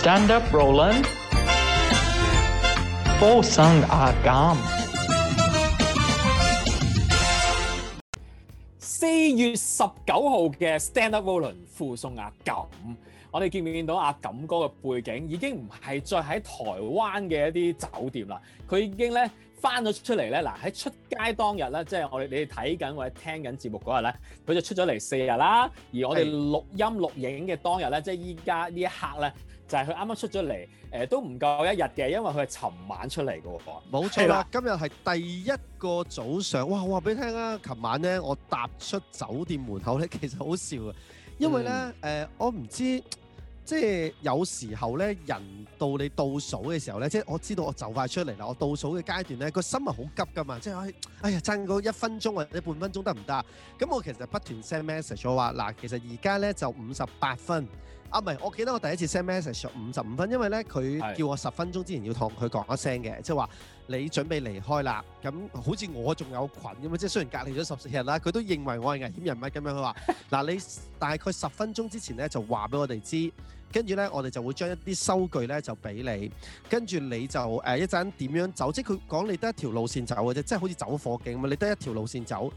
Stand Up Roland 附送阿感，四月十九號嘅 Stand Up Roland 附送阿感。我哋見唔見到阿感哥嘅背景已經唔係再喺台灣嘅一啲酒店啦。佢已經咧翻咗出嚟咧。嗱喺出街當日咧，即係我哋你哋睇緊或者聽緊節目嗰日咧，佢就出咗嚟四日啦。而我哋錄音錄影嘅當日咧，是即係依家呢一刻咧。就係佢啱啱出咗嚟，誒、呃、都唔夠一日嘅，因為佢係尋晚出嚟嘅喎，冇錯啦。今日係第一個早上，哇！我話俾你聽啦，琴晚咧我踏出酒店門口咧，其實好笑嘅，因為咧誒、嗯呃，我唔知。即係有時候咧，人到你倒數嘅時候咧，即係我知道我就快出嚟啦。我倒數嘅階段咧，個心係好急㗎嘛。即係哎，哎呀，爭嗰一分鐘或者半分鐘得唔得啊？咁我其實不斷 send message，咗話嗱，其實而家咧就五十八分，啊唔係，我記得我第一次 send message 五十五分，因為咧佢叫我十分鐘之前要同佢講一聲嘅，即係話。你準備離開啦，咁好似我仲有菌咁啊！即係雖然隔離咗十四日啦，佢都認為我係危險人物咁樣。佢話：嗱，你大概十分鐘之前咧就話俾我哋知，跟住咧我哋就會將一啲收據咧就俾你，跟住你就誒、呃、一陣點樣走？即係佢講你得一條路線走嘅啫，即係好似走火警咁啊！你得一條路線走，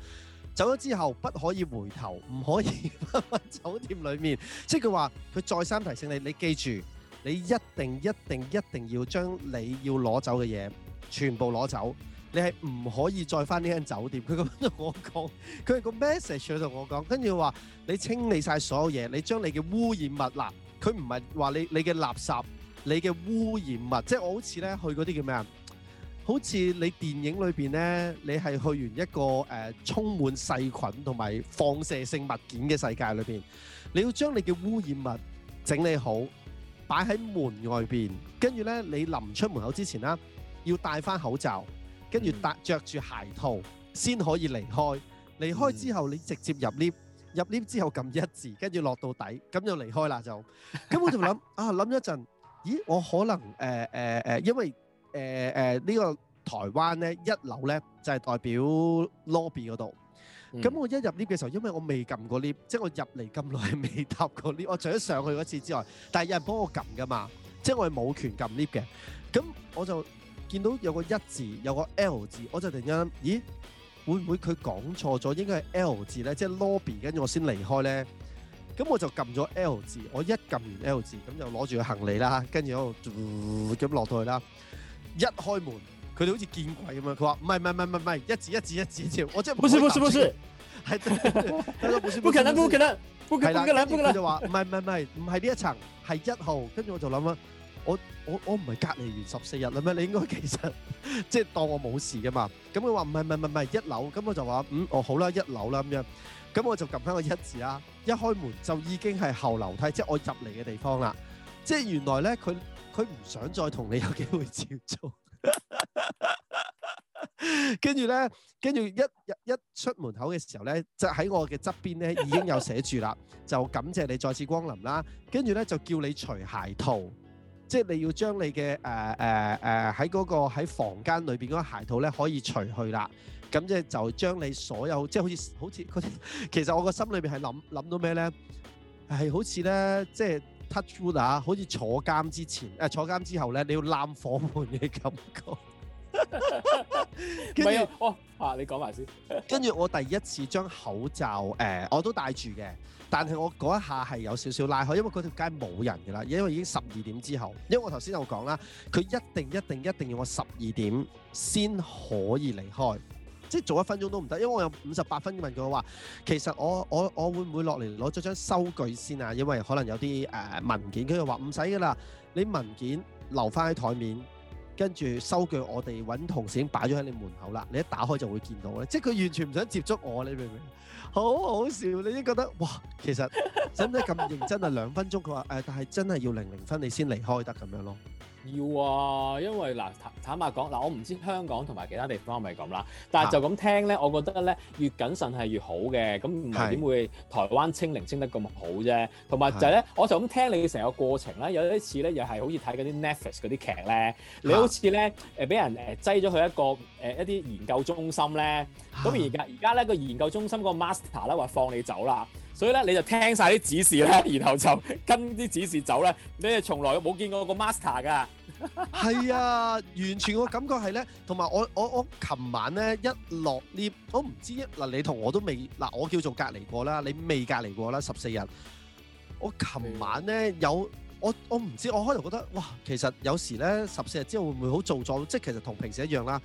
走咗之後不可以回頭，唔可以返 返酒店裡面。即係佢話佢再三提醒你，你記住，你一定一定一定要將你要攞走嘅嘢。全部攞走，你係唔可以再翻呢間酒店。佢咁樣同我講，佢係個 message 喺同我講，跟住話你清理晒所有嘢，你將你嘅污染物嗱，佢唔係話你你嘅垃圾、你嘅污染物，即係我好似咧去嗰啲叫咩啊？好似你電影裏邊咧，你係去完一個誒、呃、充滿細菌同埋放射性物件嘅世界裏邊，你要將你嘅污染物整理好，擺喺門外邊，跟住咧你臨出門口之前啦。要戴翻口罩，跟住戴著住鞋套先可以離開。離開之後，你直接入 lift，入 lift 之後撳一字，跟住落到底，咁就離開啦就。咁我就諗，啊諗一陣，咦，我可能誒誒誒，因為誒誒呢個台灣咧一樓咧就係代表 lobby 嗰度。咁我一入 lift 嘅時候，因為我未撳過 lift，即係我入嚟咁耐未搭過 lift，我除咗上去嗰次之外，但係有人幫我撳噶嘛，即係我係冇權撳 lift 嘅。咁我就。見到有個一字，有個 L 字，我就突然間諗，咦，會唔會佢講錯咗，應該係 L 字咧？即係 lobby，跟住我先離開咧。咁我就撳咗 L 字，我一撳完 L 字，咁就攞住個行李啦，跟住喺度咁落到去啦。一開門，佢哋好似見鬼咁樣！佢話唔係唔係唔係唔係，一字一字一字，我即係。不是不是不是，係得，不可能不可能不可能不可能，就話唔係唔係唔係，唔係呢一層，係一號，跟住我就諗啦。我我我唔係隔離完十四日啦咩？你應該其實即係當我冇事㗎嘛。咁佢話唔係唔係唔係一樓，咁我就話嗯，哦，好啦一樓啦，咁樣。咁我就撳翻個一字啦，一開門就已經係後樓梯，即係我入嚟嘅地方啦。即係原來咧，佢佢唔想再同你有機會接觸。跟住咧，跟住一一一出門口嘅時候咧，即喺我嘅側邊咧已經有寫住啦，就感謝你再次光臨啦。跟住咧就叫你除鞋套。即係你要將你嘅誒誒誒喺嗰個喺房間裏邊嗰個鞋套咧，可以除去啦，咁即係就將你所有即係好似好似嗰啲，其實我個心裏邊係諗諗到咩咧？係好似咧，即係 touch wood 啊，好似坐監之前誒、呃、坐監之後咧，你要攬火盆嘅感覺。唔 係 著、哦、啊，哇！你講埋先。跟 住我第一次將口罩誒、呃，我都戴住嘅。但係我嗰一下係有少少拉開，因為嗰條街冇人㗎啦，因為已經十二點之後。因為我頭先就講啦，佢一定一定一定要我十二點先可以離開，即係早一分鐘都唔得。因為我有五十八分問佢話，其實我我我會唔會落嚟攞咗張收據先啊？因為可能有啲誒、呃、文件。佢就話唔使㗎啦，你文件留返喺台面。跟住收據，我哋揾同事已經擺咗喺你門口啦。你一打開就會見到咧，即係佢完全唔想接觸我，你明唔明？好好笑，你已經覺得哇，其實使唔使咁認真啊？ 兩分鐘，佢話誒，但係真係要零零分你先離開得咁樣咯。要啊，因為嗱，坦坦白講，嗱，我唔知香港同埋其他地方係咪咁啦，但係就咁聽咧，我覺得咧越謹慎係越好嘅，咁唔係點會台灣清零清得咁好啫？同埋就係、是、咧，是我就咁聽你成個過程咧，有一次咧又係好似睇嗰啲 Netflix 嗰啲劇咧，你好似咧誒俾人誒擠咗去一個誒、呃、一啲研究中心咧，咁而家而家咧個研究中心個 master 咧話放你走啦。所以咧，你就聽曬啲指示咧，然後就跟啲指示走咧，你係從來冇見過個 master 㗎。係啊，完全個感覺係咧，同埋我我我琴晚咧一落 lift，我唔知嗱，你同我都未嗱，我叫做隔離過啦，你未隔離過啦十四日。我琴晚咧有我我唔知，我開頭覺得哇，其實有時咧十四日之後會唔會好做作？即係其實同平時一樣啦。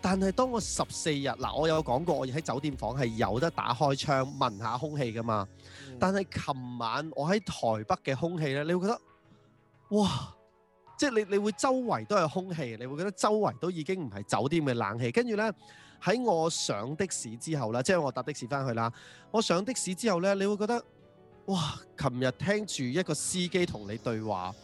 但係當我十四日嗱，我有講過，我喺酒店房係有得打開窗聞下空氣㗎嘛。嗯、但係琴晚我喺台北嘅空氣咧，你會覺得哇，即係你你會周圍都係空氣，你會覺得周圍都已經唔係酒店嘅冷氣。跟住咧喺我上的士之後啦，即係我搭的士返去啦，我上的士之後咧，你會覺得哇，琴日聽住一個司機同你對話，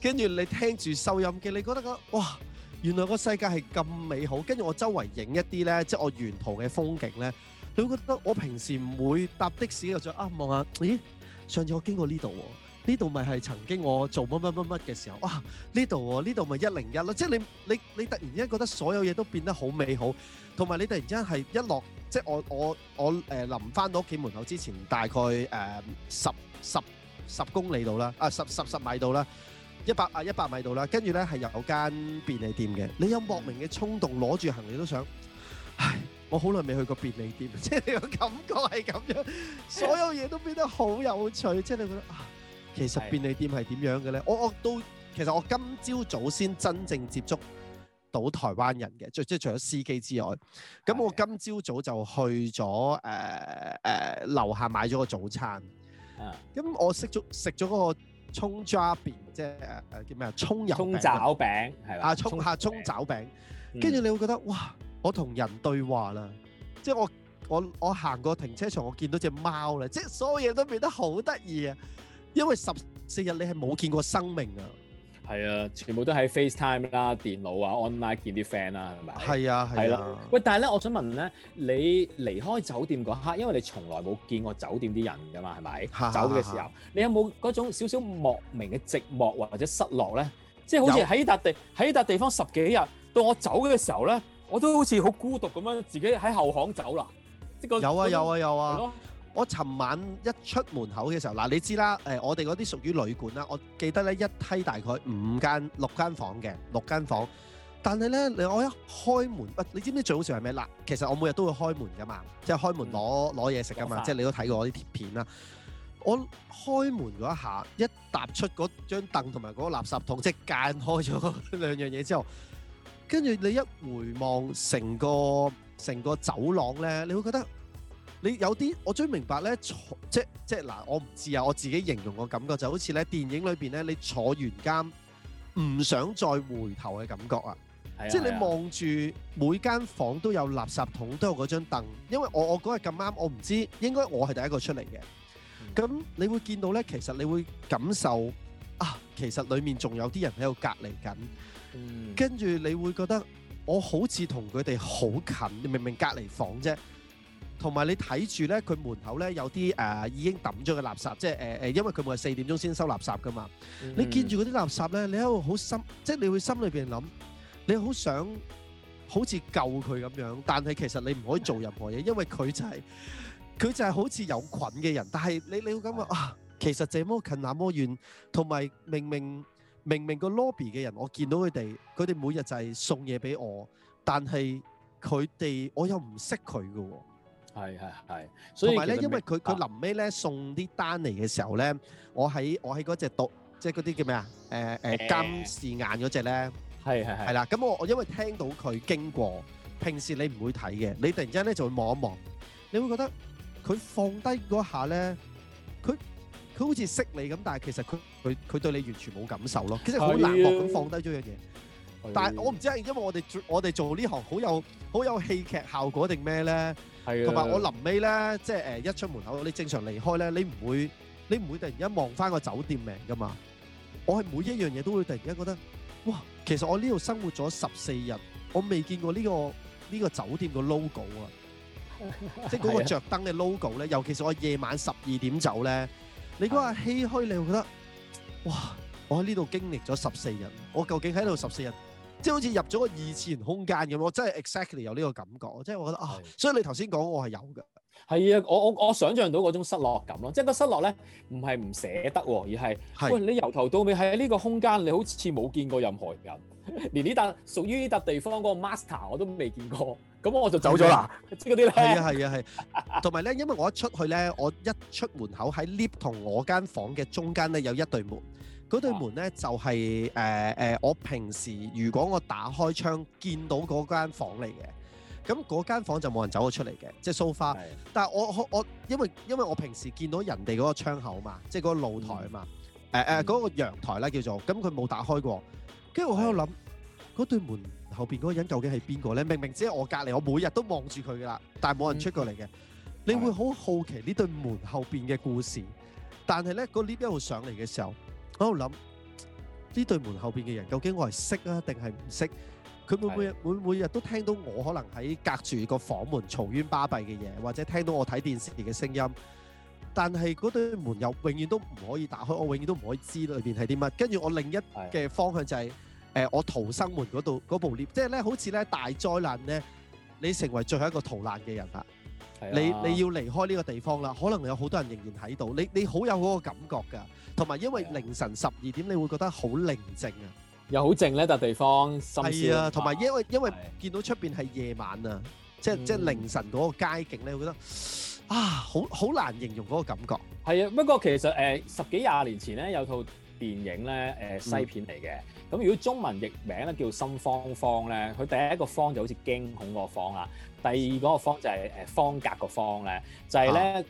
跟住你聽住收音機，你覺得覺得哇。原來個世界係咁美好，跟住我周圍影一啲咧，即係我沿途嘅風景咧，你會覺得我平時唔會搭的士，我就啊望下，咦？上次我經過呢度喎，呢度咪係曾經我做乜乜乜乜嘅時候，啊，呢度喎，呢度咪一零一咯，即係你你你突然間覺得所有嘢都變得好美好，同埋你突然間係一落，即係我我我誒臨翻到屋企門口之前，大概誒十十十公里度啦，啊十十十米度啦。一百啊一百米度啦，跟住咧係有間便利店嘅。你有莫名嘅衝動攞住行李都想，唉，我好耐未去過便利店，即係你個感覺係咁樣，所有嘢都變得好有趣。即係你覺得啊，其實便利店係點樣嘅咧？我我都其實我今朝早先真正接觸到台灣人嘅，即即係除咗司機之外，咁我今朝早就去咗誒誒樓下買咗個早餐。啊，咁我食咗食咗嗰個。蔥抓餅，即係誒叫咩啊？蔥油餅、蔥爪餅係啦，蔥下蔥爪餅，跟住、啊、你會覺得哇！我同人對話啦，嗯、即係我我我行過停車場，我見到隻貓咧，即係所有嘢都變得好得意啊！因為十四日你係冇見過生命啊！係啊，全部都喺 FaceTime 啦、電腦啊、online 見啲 friend 啦，係咪？係啊，係啦。喂，但係咧，我想問咧，你離開酒店嗰刻，因為你從來冇見過酒店啲人㗎嘛，係咪？啊啊啊、走嘅時候，你有冇嗰種少少莫名嘅寂寞或者失落咧？即係好似喺呢笪地喺呢笪有地方十幾日，到我走嘅時候咧，我都好似好孤獨咁樣，自己喺後巷走啦、那個啊。有啊有啊有啊！我尋晚一出門口嘅時候，嗱，你知啦，誒我哋嗰啲屬於旅館啦，我記得咧一梯大概五間六間房嘅六間房，但係咧你我一開門，喂你知唔知最好笑係咩？嗱，其實我每日都會開門㗎嘛，即係開門攞攞嘢食㗎嘛，嗯、即係你都睇過我啲貼片啦。我開門嗰一下，一踏出嗰張凳同埋嗰個垃圾桶，即係間開咗兩樣嘢之後，跟住你一回望成個成個走廊咧，你會覺得。你有啲我最明白咧，坐即即嗱，我唔知啊，我自己形容嘅感覺就好似咧，電影裏邊咧，你坐完監唔想再回頭嘅感覺啊！哎、呀即你望住每間房都有垃圾桶，都有嗰張凳，因為我我嗰日咁啱，我唔知應該我係第一個出嚟嘅。咁、嗯、你會見到咧，其實你會感受啊，其實裡面仲有啲人喺度隔離緊，跟住、嗯、你會覺得我好似同佢哋好近，你明明隔離房啫。同埋你睇住咧，佢門口咧，有啲誒、呃、已經抌咗嘅垃圾，即係誒誒，因為佢冇係四點鐘先收垃圾噶嘛、嗯哼。你見住嗰啲垃圾咧，你喺度好心，即係你會心裏邊諗，你好想好似救佢咁樣，但係其實你唔可以做任何嘢，的因為佢就係、是、佢就係好似有菌嘅人。但係你你會感覺的啊，其實這麼近那麼遠，同埋明明明明個 lobby 嘅人，我見到佢哋，佢哋每日就係送嘢俾我，但係佢哋我又唔識佢嘅喎。係係係，所以同埋咧，呢因為佢佢臨尾咧送啲單嚟嘅時候咧，我喺我喺嗰隻讀即係嗰啲叫咩啊？誒、呃、誒監視眼嗰隻咧，係係係啦。咁的我我因為聽到佢經過，平時你唔會睇嘅，你突然之間咧就會望一望，你會覺得佢放低嗰下咧，佢佢好似識你咁，但係其實佢佢佢對你完全冇感受咯。其實好難忘咁放低咗樣嘢。的但係我唔知，因為我哋做我哋做呢行好有好有，好有戲劇效果定咩咧？同埋我臨尾咧，即係誒一出門口，你正常離開咧，你唔會，你唔會突然間望返個酒店名㗎嘛？我係每一樣嘢都會突然間覺得，哇！其實我喺呢度生活咗十四日，我未見過呢個呢個酒店個 logo 啊，即係嗰個著燈嘅 logo 咧。尤其是我夜晚十二點走咧，你嗰個唏噓，你會覺得，哇！我喺呢度經歷咗十四日，我究竟喺度十四日？即係好似入咗個二次元空間咁，我真係 exactly 有呢個感覺，即係我覺得啊，所以你頭先講我係有㗎。係啊，我我我想象到嗰種失落感咯，即係個失落咧，唔係唔捨得喎，而係，喂，你由頭到尾喺呢個空間，你好似冇見過任何人，連呢笪屬於呢笪地方嗰個 master 我都未見過，咁我就走咗啦。即嗰啲咧，係啊係啊係。同埋咧，因為我一出去咧，我一出門口喺 lift 同我間房嘅中間咧有一對門。嗰對門咧就係誒誒，我平時如果我打開窗見到嗰間房嚟嘅，咁嗰間房就冇人走咗出嚟嘅，即係 so far。但係我我我因為因為我平時見到人哋嗰個窗口嘛，即係嗰個露台啊嘛，誒誒嗰個陽台啦叫做，咁佢冇打開過，跟住我喺度諗嗰對門後邊嗰個人究竟係邊個咧？明明只係我隔籬，我每日都望住佢㗎喇，但係冇人出過嚟嘅。你會好好奇呢對門後邊嘅故事，但係咧個 lift 一路上嚟嘅時候。我喺度諗呢對門後邊嘅人究竟我係識啊定係唔識？佢每的每日每每日都聽到我可能喺隔住個房門嘈冤巴閉嘅嘢，或者聽到我睇電視嘅聲音。但係嗰對門又永遠都唔可以打開，我永遠都唔可以知裏邊係啲乜。跟住我另一嘅方向就係，是，誒的、呃、我逃生門嗰度嗰部 lift，即係咧好似咧大災難咧，你成為最後一個逃難嘅人啦。的你你要離開呢個地方啦，可能有好多人仍然喺度，你你好有嗰個感覺噶。同埋，因為凌晨十二點，你會覺得好寧靜，靜啊，又好靜呢。笪地方深。係啊，同埋因為因為見到出邊係夜晚啊，的即即凌晨嗰個街景咧，我覺得啊，好好難形容嗰個感覺。係啊，不過其實誒、呃、十幾廿年前咧有套電影咧誒、呃、西片嚟嘅，咁、嗯、如果中文譯名咧叫《心慌方》咧，佢第一個慌就好似驚恐個慌啊，第二嗰個方就係誒方格個方咧，就係咧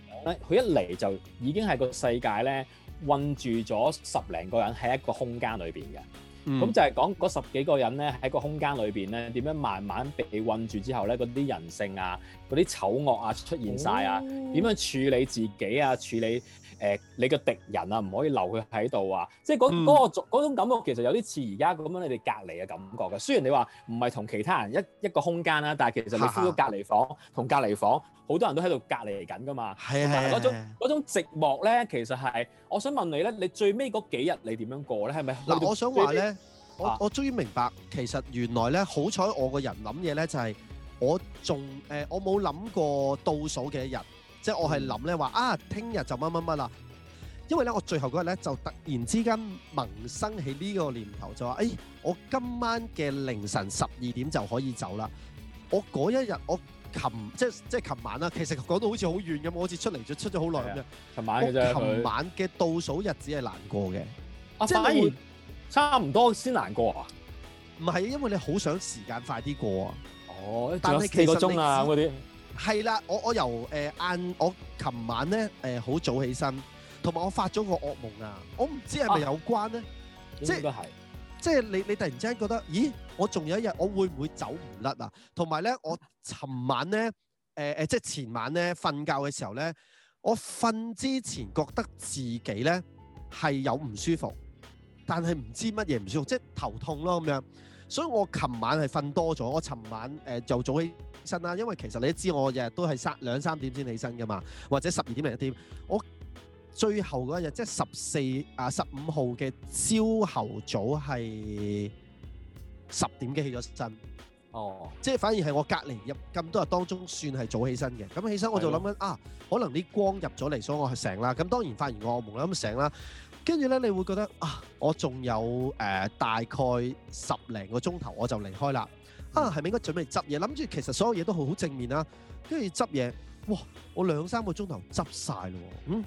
佢一嚟就已經係個世界咧。困住咗十零個人喺一個空間裏邊嘅，咁、嗯、就係講嗰十幾個人咧喺個空間裏邊咧點樣慢慢被困住之後咧嗰啲人性啊～嗰啲醜惡啊出現晒啊，點樣處理自己啊？處理誒你嘅敵人啊，唔可以留佢喺度啊！即係嗰種感覺，其實有啲似而家咁樣你哋隔離嘅感覺嘅。雖然你話唔係同其他人一一個空間啦，但係其實你 feel 到隔離房同隔離房好多人都喺度隔離緊㗎嘛。係啊，但係嗰種嗰種寂寞咧，其實係我想問你咧，你最尾嗰幾日你點樣過咧？係咪嗱？我想話咧，我我終於明白，其實原來咧，好彩我個人諗嘢咧就係。我仲誒，我冇諗過倒數嘅一日，即係我係諗咧話啊，聽日就乜乜乜啦。因為咧，我最後嗰日咧就突然之間萌生起呢個念頭就，就話誒，我今晚嘅凌晨十二點就可以走啦。我嗰一日我琴即即係琴晚啦，其實講到好似好遠咁，我好似出嚟咗出咗好耐咁樣。琴晚嘅琴晚嘅倒數日子係難過嘅，即係反而差唔多先難過啊。唔係因為你好想時間快啲過啊。哦，仲有四個鐘啊咁嗰啲，係啦，我我由誒晏，我琴晚咧誒好早起身，同埋我發咗個惡夢啊，我唔知係咪有關咧，即係應該係，即係你你突然之間覺得，咦，我仲有一日我會唔會走唔甩啊？同埋咧，我琴晚咧誒誒，即係前晚咧瞓覺嘅時候咧，我瞓之前覺得自己咧係有唔舒服，但係唔知乜嘢唔舒服，即係頭痛咯咁樣。所以我琴晚係瞓多咗，我琴晚誒、呃、就早起身啦，因為其實你知都知我日日都係三兩三點先起身噶嘛，或者十二點零一點。我最後嗰、啊、日，即係十四啊十五號嘅朝頭早係十點幾起咗身，哦，即係反而係我隔離入咁多日當中算係早起身嘅。咁起身我就諗緊的啊，可能啲光入咗嚟，所以我係醒啦。咁當然發現我冇咁醒啦。跟住咧，你會覺得啊，我仲有誒、呃、大概十零個鐘頭我就離開啦。啊，係咪應該準備執嘢？諗住其實所有嘢都好好正面啦、啊。跟住執嘢，哇！我兩三個鐘頭執晒啦。嗯，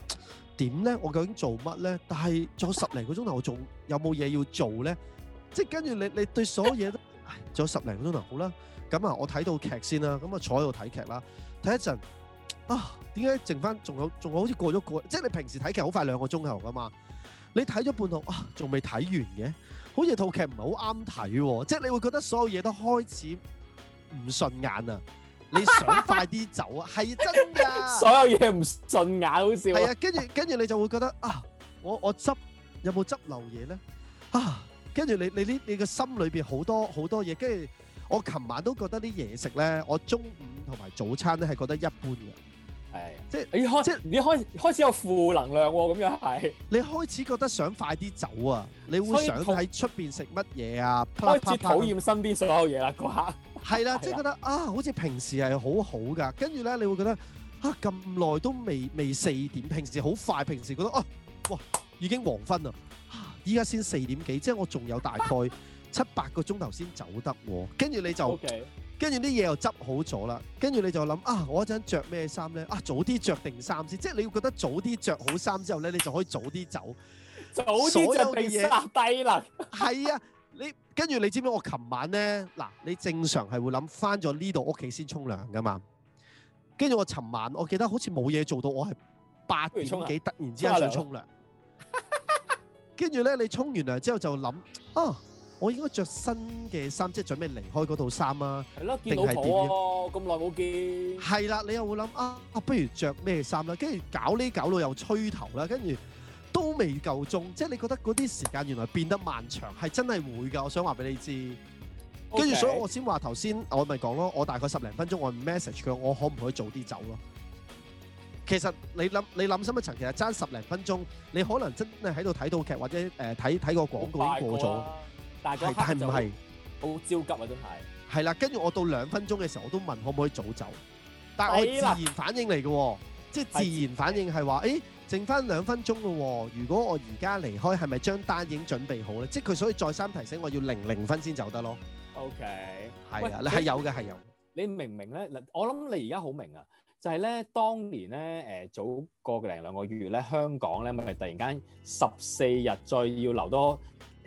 點咧？我究竟做乜咧？但係仲有十零個鐘頭，我仲有冇嘢要做咧？即係跟住你，你對所有嘢都仲、哎、有十零個鐘頭，好啦。咁、嗯嗯、啊，我睇到劇先啦。咁啊，坐喺度睇劇啦。睇一陣啊，點解剩返仲有仲好似過咗過？即係你平時睇劇好快兩個鐘頭㗎嘛？你睇咗半套，啊，仲未睇完嘅，好似套劇唔係好啱睇，即係你會覺得所有嘢都開始唔順眼啊！你想快啲走啊？係 真噶，所有嘢唔順眼，好似。係啊，跟住跟住你就會覺得啊，我我執有冇執漏嘢咧？啊，跟住你你呢你嘅心裏邊好多好多嘢，跟住我琴晚都覺得啲嘢食咧，我中午同埋早餐咧係覺得一般嘅。係，即係、就是、你開，即、就是、你開開始有負能量喎、啊，咁樣係。你開始覺得想快啲走啊，你會想喺出邊食乜嘢啊？開始討厭身邊所有嘢啦，啩、那個？係啦、啊，即係、 啊、覺得啊，好似平時係好好㗎，跟住咧，你會覺得啊，咁耐都未未四點，平時好快，平時覺得哦、啊，哇，已經黃昏啦，依家先四點幾，即係我仲有大概七八個鐘頭先走得，跟住 你就。Okay. 跟住啲嘢又執好咗啦，跟住你就諗啊，我一陣着咩衫咧？啊，早啲着定衫先，即係你要覺得早啲着好衫之後咧，你就可以早啲走。早啲著嘅嘢拉低啦。係 啊，你跟住你知唔知我琴晚咧嗱？你正常係會諗翻咗呢度屋企先沖涼噶嘛？跟住我琴晚我記得好似冇嘢做到，我係八點幾突然之間想沖涼。跟住咧，你沖完涼之後就諗啊。我應該着新嘅衫，即係準備離開嗰套衫啊！係咯，定係點？見老婆咁耐冇見。係啦，你又會諗啊，不如着咩衫啦？跟住搞呢搞到又吹頭啦，跟住都未夠鐘，即係你覺得嗰啲時間原來變得漫長，係真係會㗎。我想話俾你知，跟住的所以我先話頭先，我咪講咯。我大概十零分鐘，我 message 佢，我可唔可以早啲走咯？其實你諗你諗深一層，其實爭十零分鐘，你可能真係喺度睇套劇，或者誒睇睇個廣告已經過咗。過係，但係唔係好焦急啊？真係係啦，跟住我到兩分鐘嘅時候，我都問可唔可以早走，但係我自然反應嚟嘅，即係自然反應係話，誒，剩翻兩分鐘咯。如果我而家離開，係咪將單已經準備好咧？即係佢所以再三提醒我要零零分先走得咯。OK，係啊，係有嘅，係有。你明唔明咧？嗱，我諗你而家好明啊，就係咧，當年咧，誒，早過個零兩個月咧，香港咧，咪突然間十四日再要留多。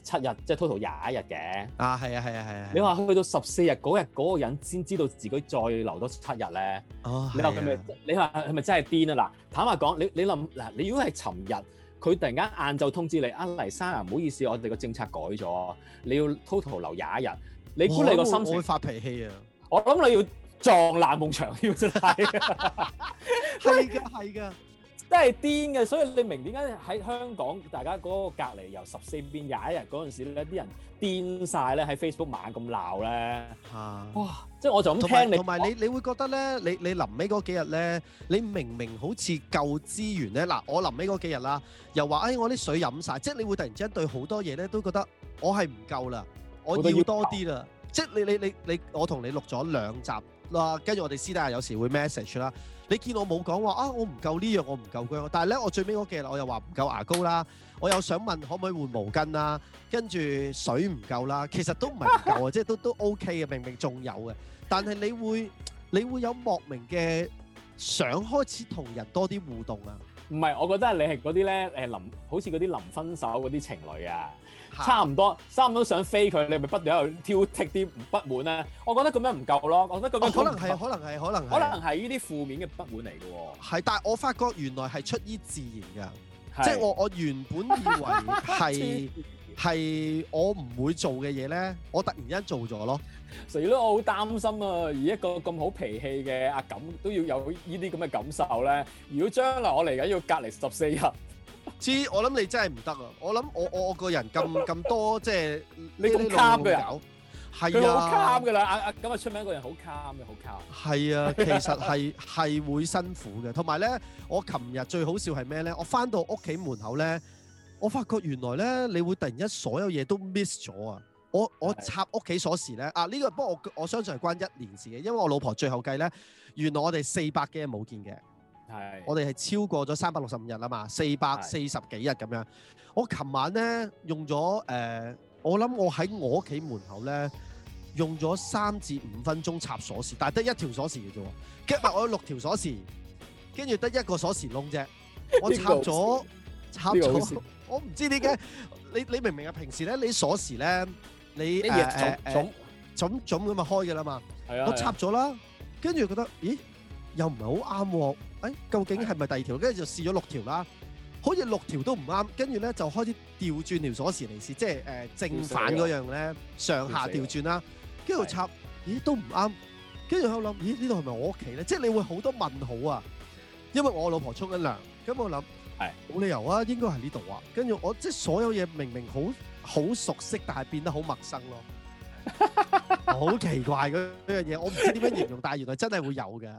七日即係 total 廿一日嘅，啊係啊係啊係啊！啊啊啊你話去到十四日嗰日嗰個人先知道自己再留多七日咧、哦啊，你話佢咪你話佢咪真係癲啊！嗱，坦白講，你你諗嗱，你如果係尋日佢突然間晏晝通知你啊，黎生啊，唔好意思，我哋個政策改咗，你要 total 留廿一日，你估你個心情？哦我？我會發脾氣啊！我諗你要撞爛夢長腰真係，係㗎係㗎。都係癲嘅，所以你明點解喺香港大家嗰個隔離由十四變廿一日嗰陣時咧，啲人癲晒咧喺 Facebook 猛咁鬧咧嚇、啊、哇！即係我就咁聽有，同埋你說 你，你會覺得咧，你你臨尾嗰幾日咧，你明明好似夠資源咧嗱，我臨尾嗰幾日啦，又話誒、哎、我啲水飲晒，即係你會突然之間對好多嘢咧都覺得我係唔夠啦，我要多啲啦，即係你你你你我同你錄咗兩集啦，跟住我哋私底下有時會 message 啦。你見我冇講話啊，我唔夠呢樣，我唔夠嗰樣，但係咧，我最尾嗰幾日我又話唔夠牙膏啦，我又想問可唔可以換毛巾啦，跟住水唔夠啦，其實都唔係唔夠啊， 即係都都 OK 嘅，明明仲有嘅，但係你會你會有莫名嘅想開始同人多啲互動啊。唔係，我覺得係你係嗰啲咧，誒臨好似嗰啲臨分手嗰啲情侶啊，的差唔多，差唔多想飛佢，你咪不，不斷去挑剔啲不滿咧？我覺得咁樣唔夠咯，我覺得咁樣，哦。可能係，可能係，可能可能係呢啲負面嘅不滿嚟嘅喎。係，但係我發覺原來係出於自然嘅，即係是我我原本以為係係 我唔會做嘅嘢咧，我突然間做咗咯。成日都我好擔心啊！而一個咁好脾氣嘅阿錦都要有呢啲咁嘅感受咧。如果將來我嚟緊要隔離十四日，知我諗你真係唔得啊！我諗我我個人咁咁 多即係你咁路咁搞，係啊，好慘㗎啦！阿阿咁啊出名嗰人好慘嘅，好慘。係啊，啊其實係係 會辛苦嘅。同埋咧，我琴日最好笑係咩咧？我翻到屋企門口咧，我發覺原來咧你會突然間所有嘢都 miss 咗啊！我我插屋企鎖匙咧，啊呢、這個不過我我相信係關一年事嘅，因為我老婆最後計咧，原來我哋四百幾日冇見嘅，係，是 我哋係超過咗三百六十五日啊嘛，四百四十幾日咁樣。是 我琴晚咧用咗誒、呃，我諗我喺我屋企門口咧用咗三至五分鐘插鎖匙，但係得一條鎖匙嘅啫，夾埋我有六條鎖匙，跟住得一個鎖匙窿啫，我插咗插咗了，我唔知點解，你你明唔明啊？平時咧，你鎖匙咧。你一嘢，就咁，咁咁咪開嘅啦嘛。我插咗啦，跟住、啊、覺得，咦，又唔係好啱喎。究竟係咪第二條？跟住、啊、就試咗六條啦，好似六條都唔啱。跟住咧就開始調轉條鎖匙嚟試，即係誒、呃、正反嗰樣咧，上下調轉啦。跟住插，咦都唔啱。跟住我諗，啊、咦是是呢度係咪我屋企咧？即係你會好多問號啊，因為我老婆沖緊涼，咁我諗。係冇理由啊，應該係呢度啊。跟住我即係所有嘢明明好好熟悉，但係變得好陌生咯、啊，好 奇怪嗰樣嘢。我唔知點樣形容， 但係原來真係會有嘅。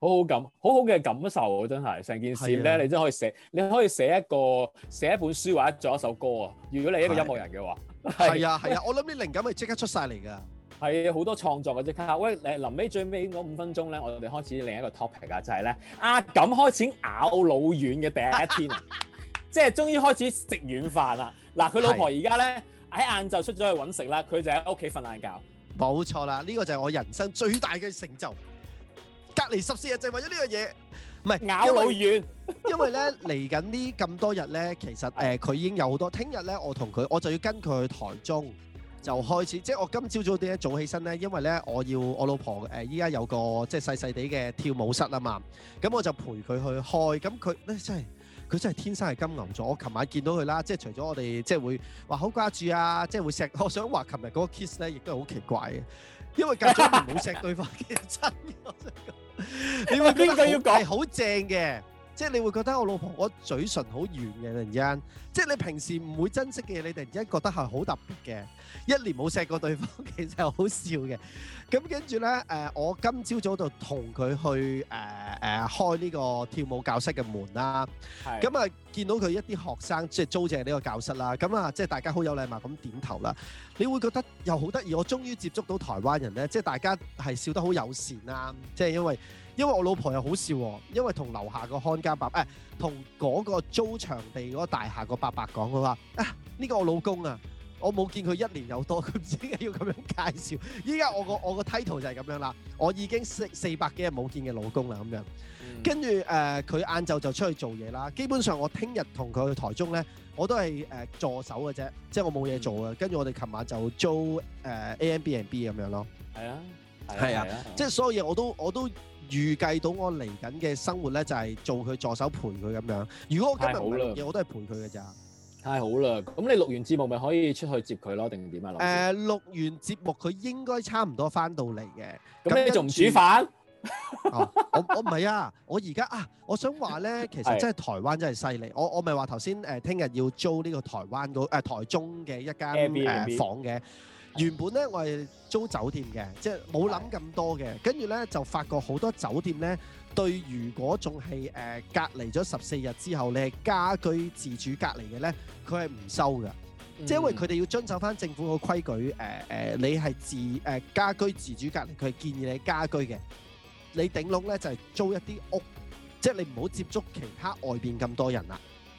好好感，好好嘅感受啊！真係成件事咧，啊、你真係可以寫，你可以寫一個寫一本書或者作一首歌啊。如果你係一個音樂人嘅話，係啊係啊，我諗啲靈感係即刻出晒嚟㗎。係好多創作嘅啫。佢話，喂，誒，臨尾最尾嗰五分鐘咧，我哋開始另一個 topic，就是、啊，就係咧，阿感開始咬老軟嘅第一天， 即係終於開始食軟飯啦。嗱，佢老婆而的家咧喺晏晝出咗去揾食啦，佢就喺屋企瞓晏覺。冇錯啦，呢、這個就係我人生最大嘅成就。隔離十四日就為咗呢樣嘢，唔係咬老軟，因為咧嚟緊呢咁多日咧，其實誒佢、呃、已經有好多。聽日咧，我同佢我就要跟佢去台中。又開始，即係我今朝早啲一早起身咧，因為咧我要我老婆誒依家有個即係細細地嘅跳舞室啊嘛，咁我就陪佢去開，咁佢咧真係佢真係天生係金牛座。我琴晚見到佢啦，即係除咗我哋即係會話好掛住啊，即係會錫。我想話琴日嗰個 kiss 咧亦都係好奇怪嘅，因為隔咗唔好錫對方嘅親。你話邊個要講？好正嘅。即係你會覺得我老婆個嘴唇好軟嘅，突然之間，即係你平時唔會珍惜嘅嘢，你突然之間覺得係好特別嘅。一年冇錫過對方，其實好笑嘅。咁跟住咧，誒，我今朝早就同佢去誒誒開呢個跳舞教室嘅門啦。係。咁啊，見到佢一啲學生即係租借呢個教室啦。咁啊，即係大家好有禮貌咁點頭啦。你會覺得又好得意，我終於接觸到台灣人咧。即係大家係笑得好友善啦！即係因為。因為我老婆又好笑，因為同樓下個看家伯誒，同嗰個租場地嗰個大廈個伯伯講，佢話：啊，呢個我老公啊，我冇見佢一年有多，佢唔知點解要咁樣介紹？依家我個我個 title 就係咁樣啦，我已經四四百幾日冇見嘅老公啦咁樣。跟住誒，佢晏晝就出去做嘢啦。基本上我聽日同佢去台中咧，我都係誒助手嘅啫，即係我冇嘢做嘅。跟住我哋琴晚就租誒 A M B and B 咁樣咯。係啊，係啊，即係所有嘢我都我都。預計到我嚟緊嘅生活咧，就係做佢助手陪佢咁樣。如果我今日冇嘢，我都係陪佢嘅咋。太好啦！咁你錄完節目咪可以出去接佢咯，定點啊？誒，錄完節目佢應該差唔多翻到嚟嘅。咁你仲唔煮飯？我我唔係啊！我而家啊，我想話咧，其實真係台灣真係犀利。我我咪話頭先誒，聽日要租呢個台灣嗰誒台中嘅一間誒房嘅。原本咧，我係租酒店嘅，即係冇諗咁多嘅。跟住咧，就發覺好多酒店咧，對如果仲係誒隔離咗十四日之後，你係家居自主隔離嘅咧，佢係唔收㗎。即係因為佢哋要遵守翻政府個規矩，誒誒，你係自誒家居自主隔離，佢係建議你家居嘅。你頂籠咧就係租一啲屋，即係你唔好接觸其他外邊咁多人啦。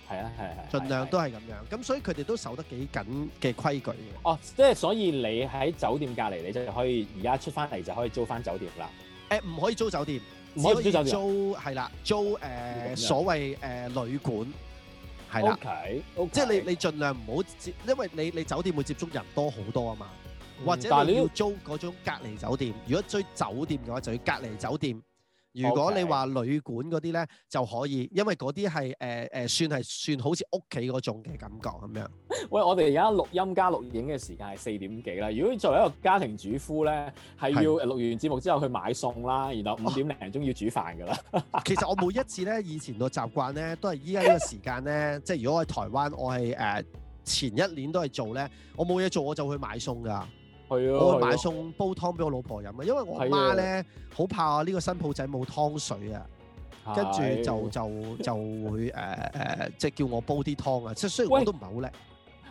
係啊，係係，盡量都係咁樣，咁所以佢哋都守得幾緊嘅規矩嘅。哦，即係所以你喺酒店隔離，你就可以而家出翻嚟就可以租翻酒店啦。誒，唔可以租酒店，唔可以租酒店，係啦，租誒所謂誒旅館，係啦。O K，即係你你盡量唔好接，因為你你酒店會接觸人多好多啊嘛。或者你要租嗰種隔離酒店，如果租酒店嘅話就要隔離酒店。如果你話旅館嗰啲咧就可以，因為嗰啲係誒誒算係算好似屋企嗰種嘅感覺咁樣。喂，我哋而家錄音加錄影嘅時間係四點幾啦。如果作為一個家庭主夫咧，係要錄完節目之後去買餸啦，的然後五點零鐘要煮飯噶啦。啊、 其實我每一次咧，以前嘅習慣咧，都係依家呢個時間咧， 即係如果我喺台灣，我係誒、呃、前一年都係做咧，我冇嘢做我就去買餸噶，會我買餸煲湯俾我老婆飲啊，因為我媽咧好怕呢個新抱仔冇湯水啊，跟住就就就會誒誒，即係叫我煲啲湯啊，即係雖然我都唔係好叻。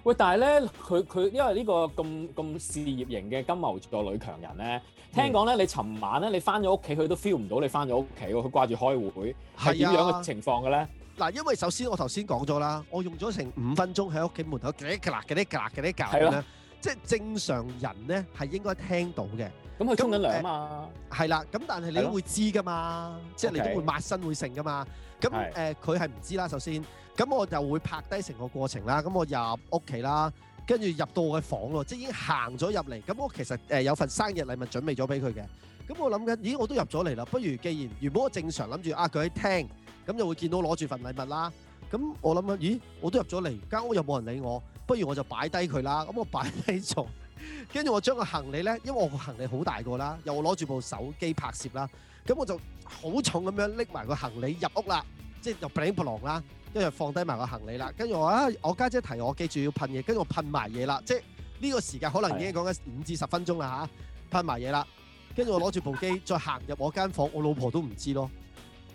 喂，但係咧，佢佢因為呢個咁咁事業型嘅金牛座女強人咧，聽講咧，你尋晚咧你翻咗屋企，佢都 feel 唔到你翻咗屋企喎，佢掛住開會係點樣嘅情況嘅咧？嗱，因為首先我頭先講咗啦，我用咗成五分鐘喺屋企門口嘰嘰喇嘰啲嘰喇嘰啲即係正常人咧，係應該聽到嘅。咁佢沖緊涼啊嘛，係啦。咁、呃、但係你會知噶嘛，的即係你都會抹身會剩噶嘛。咁誒，佢係唔知啦。首先，咁我就會拍低成個過程啦。咁我入屋企啦，跟住入到我嘅房咯，即係已經行咗入嚟。咁我其實誒、呃、有份生日禮物準備咗俾佢嘅。咁我諗緊，咦？我都入咗嚟啦。不如既然如果我正常諗住啊，佢喺廳，咁就會見到攞住份禮物啦。咁我諗緊，咦？我都入咗嚟，間屋又冇人理我。不如我就擺低佢啦，咁我擺低坐，跟住我將個行李咧，因為我個行李好大個啦，我又我攞住部手機拍攝啦，咁我就好重咁樣拎埋個行李入屋啦，即係就 bling bling 啦，因為放低埋個行李啦，跟住我啊、哎，我家姐，姐提我記住要噴嘢，跟住我噴埋嘢啦，即係呢個時間可能已經講緊五至十分鐘啦吓，噴埋嘢啦，跟住我攞住部機再行入我間房，我老婆都唔知咯，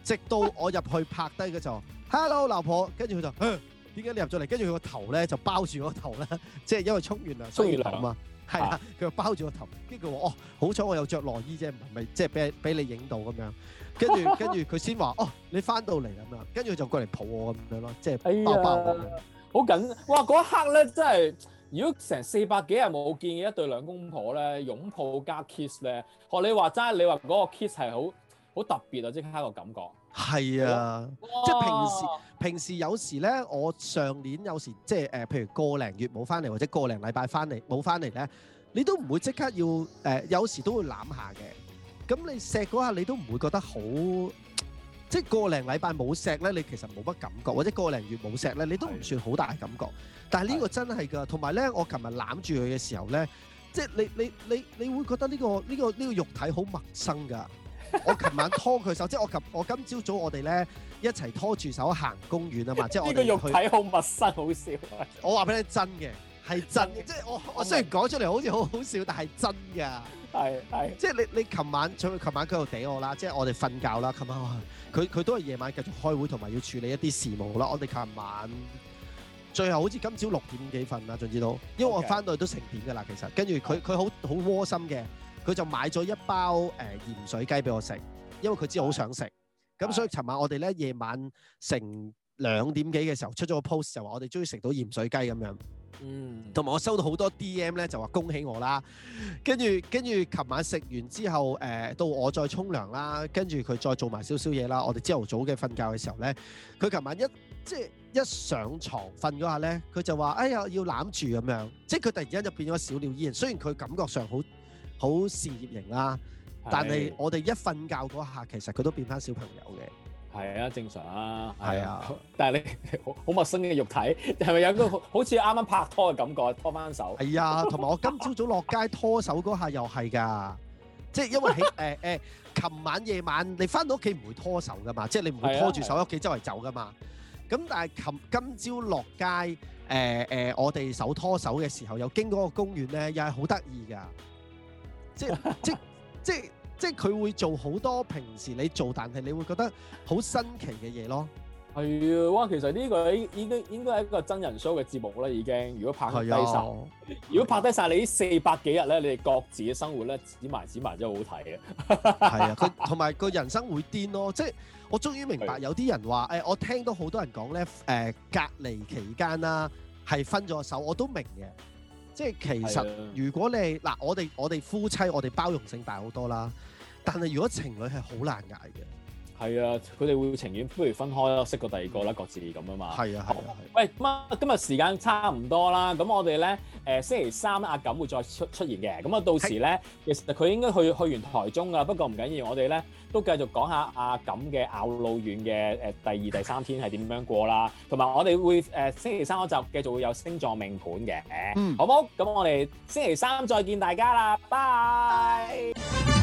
直到我入去拍低嘅就：「hello 老婆，跟住佢就、哎點解你入咗嚟？跟住佢個頭咧就包住個頭咧，即係因為衝完涼。衝完涼啊嘛，係啊，佢就包住個頭，跟住佢話哦，好彩我有着內衣啫，唔係即係俾俾你影到咁樣。跟住跟住佢先話哦，你翻到嚟咁樣，跟住就過嚟抱我咁樣咯，即係包包我好緊哇！嗰一刻咧真係，如果成四百幾日冇見嘅一對兩公婆咧，擁抱加 kiss 咧，學你話齋，你話嗰個 kiss 係好好特別啊！即刻個感覺。係啊，哇即係平時平時有時咧，我上年有時即係誒、呃，譬如個零月冇翻嚟，或者個零禮拜翻嚟冇翻嚟咧，你都唔會即刻要誒、呃，有時都會攬下嘅。咁你錫嗰下，你都唔會覺得好，即係個零禮拜冇錫咧，你其實冇乜感覺，嗯、或者個零月冇錫咧，你都唔算好大感覺。的但係呢個真係㗎，同埋咧，我琴日攬住佢嘅時候咧，即係你你你你，你，你會覺得呢、呢個呢、呢個呢、呢個呢個肉體好陌生㗎。 我琴晚拖佢手，即係我琴我今朝早，早我哋咧一齊拖住手行公園啊嘛，即係我哋去。呢 個肉體好陌生，好笑。 我話俾你真嘅，係真嘅，真的即係我好我雖然講出嚟好似好好笑，但係真㗎。係係，， 即係你你琴晚，佢琴晚佢喺度嗲我啦，即係我哋瞓覺啦。琴晚佢佢都係夜晚繼續開會，同埋要處理一啲事務啦。我哋琴晚最後好似今朝六點幾瞓啦，甚至到，因為我翻到去都成點㗎啦，其實。跟住佢佢好好窩心嘅。佢就買咗一包誒、呃、鹽水雞俾我食，因為佢知道我好想食咁，的所以尋晚我哋咧夜晚成兩點幾嘅時候出咗個 post，就話我哋終於食到鹽水雞咁樣。嗯，同埋我收到好多 DM 咧，就話恭喜我啦。跟住跟住，琴晚食完之後，誒、呃、到我再沖涼啦，跟住佢再做埋少少嘢啦。我哋朝頭早嘅瞓覺嘅時候咧，佢琴晚一即係一上床瞓嗰下咧，佢就話：哎呀，要攬住咁樣，即係佢突然之間就變咗小鳥依人。雖然佢感覺上好。好事業型啦、啊，啊、但係我哋一瞓教覺嗰下，其實佢都變翻小朋友嘅。係啊，正常啊。係啊，但係你好好陌生嘅肉體，係咪有個好似啱啱拍拖嘅感覺，拖翻手？係啊，同埋我今朝早落街拖手嗰下又係㗎，即係 因為喺誒誒，琴、呃呃、晚夜晚你翻到屋企唔會拖手㗎嘛，即係、啊、你唔會拖住手喺屋企周圍走㗎嘛。咁、啊、但係琴今朝落街誒誒、呃呃呃，我哋手拖手嘅時候，又經過嗰個公園咧，又係好得意㗎。即 即即即佢會做好多平時你做，但係你會覺得好新奇嘅嘢咯。係哇！其實呢個已已經應該係一個真人 show 嘅節目啦，已經。如果拍得晒，的如果拍得晒，你呢四百幾日咧，你哋各自嘅生活咧，剪埋剪埋真係好睇嘅。係 啊，佢同埋個人生會癲咯。即係我終於明白有啲人話誒的、哎，我聽到好多人講咧誒，隔離期間啦、啊、係分咗手，我都明嘅。即係其實的，如果你嗱，我哋我哋夫妻，我哋包容性大好多啦。但係如果情侶係好難捱嘅。係啊，佢哋會情願，不如分開啦，識個第二個啦，各自咁啊嘛。係啊，係啊。啊喂，咁啊，今日時間差唔多啦，咁我哋咧誒星期三阿錦會再出出現嘅，咁啊到時咧是其實佢應該去去完台中噶，不過唔緊要，我哋咧都繼續講下阿錦嘅咬老軟嘅誒第二第三天係點樣過啦，同埋我哋會誒、呃、星期三嗰集繼續會有星座命盤嘅，嗯、好唔好？咁我哋星期三再見大家啦，拜，拜。嗯